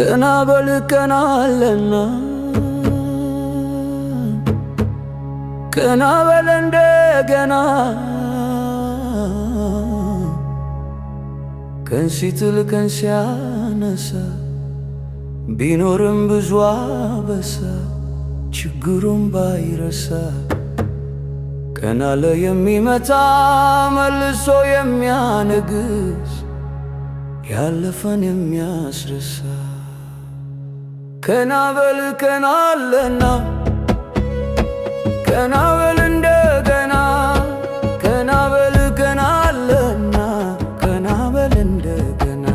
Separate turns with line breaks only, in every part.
ቀና በል ቀና አለና ቀና በል እንደገና ቀን ሲጥል ቀን ሲያነሳ ቢኖርም ብዙ አበሳ ችግሩም ባይረሳ ቀና አለ የሚመታ መልሶ የሚያነግስ ያለፈን የሚያስረሳ ቀና በል ቀና እንደገና ቀና በል ቀና እንደገና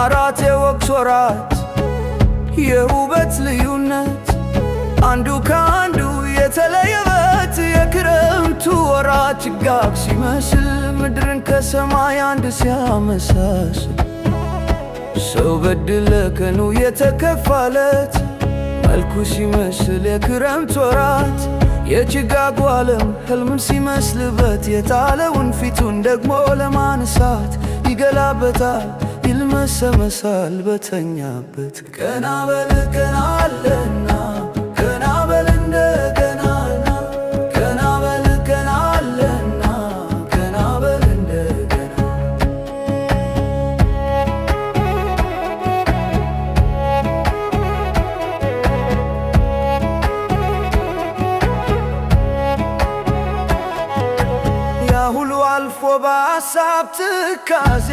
አራት የወቅት ወራት የውበት ልዩነት አንዱ ከአንዱ የተለየበት የክረምቱ ወራት ጭጋግ ሲመስል ምድርን ከሰማይ አንድ ሲያመሳስል ሰው በድለ ቀኑ የተከፋለት መልኩ ሲመስል የክረምት ወራት የጭጋጉ ዓለም ህልምን ሲመስልበት የጣለውን ፊቱን ደግሞ ለማንሳት ይገላበታል ይልመሰመሳል በተኛበት ቀና በልቀናለን አልፎ በሀሳብ ትካዜ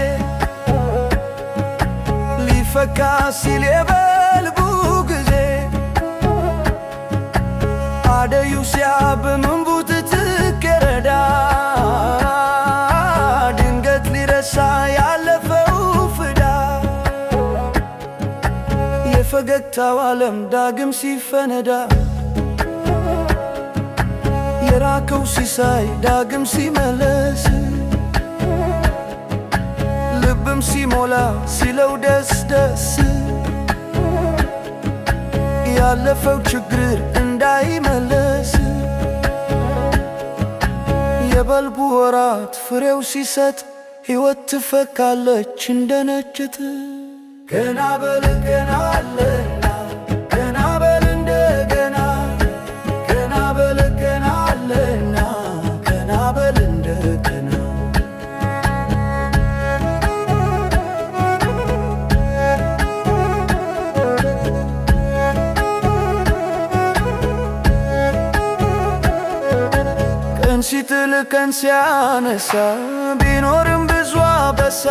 ሊፈካ ሲል የበልቡ ጊዜ አደዩ ሲያብምንቡ ትትክ የረዳ ድንገት ሊረሳ ያለፈው ፍዳ የፈገግታው ዓለም ዳግም ሲፈነዳ የራከው ሲሳይ ዳግም ሲመለስ ፍቅርም ሲሞላ ሲለው ደስ ደስ ያለፈው ችግር እንዳይመለስ የበልቡ ወራት ፍሬው ሲሰጥ ሕይወት ትፈካለች እንደ ነጭት ገና በልገና ቀን ሲጥል ቀን ሲያነሳ ቢኖርም ብዙ አበሳ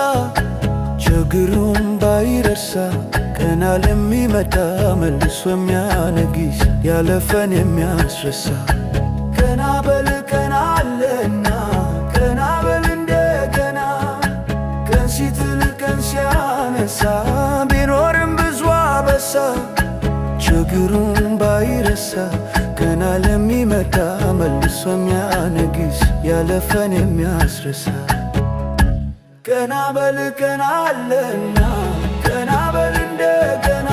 ችግሩን ባይረሳ ቀና ለሚመጣ መልሶ የሚያነግስ ያለፈን የሚያስረሳ ቀና በል ቀና አለና ቀና በል እንደገና ቀን ሲጥል ቀን ሲያነሳ ቢኖርም ብዙ አበሳ ችግሩን ባይረሳ ገና ለሚመጣ መልሶ የሚያነግስ ያለፈን የሚያስረሳ ገና በል ገና አለና ገና በል እንደገና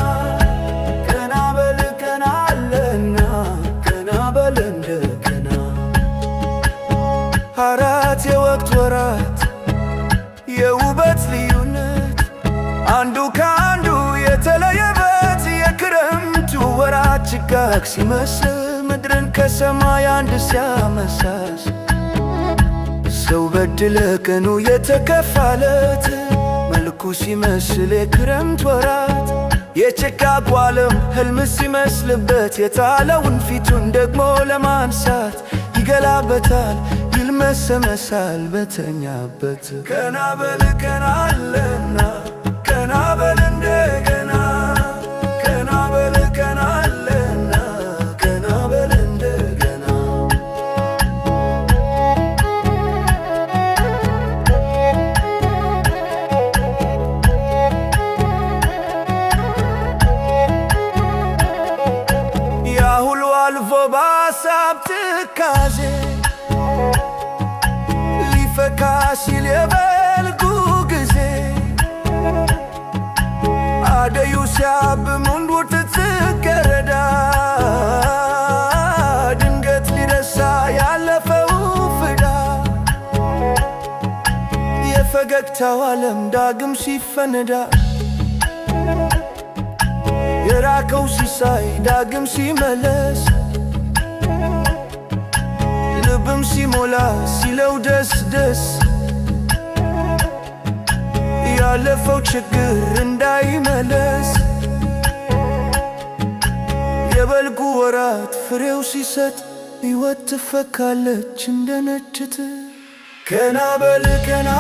ገና በል ገና አለና ገና በል እንደገና አራት የወቅት ወራት የውበት ልዩነት አንዱ ከአንዱ የተለየበት የክረምቱ ወራት ጭጋግ ሲመስል ምድርን ከሰማይ አንድ ሲያመሳስ ሰው በድለ ቀኑ የተከፋለት መልኩ ሲመስል የክረምት ወራት የጭጋግ ዓለም ህልም ሲመስልበት የጣለውን ፊቱን ደግሞ ለማንሳት ይገላበታል ይልመሰመሳል በተኛበት ቀና በል ሲል የበልጉ ጊዜ አደዩ ሲያብብ ሙንዱር ትትገረዳ ድንገት ሊረሳ ያለፈው ፍዳ የፈገግታው ዓለም ዳግም ሲፈነዳ የራከው ሲሳይ ዳግም ሲመለስ ልብም ሲሞላ ሲለው ደስ ደስ ያለፈው ችግር እንዳይመለስ የበልጉ ወራት ፍሬው ሲሰጥ ሕይወት ትፈካለች እንደ ነጭት ከና በል ከና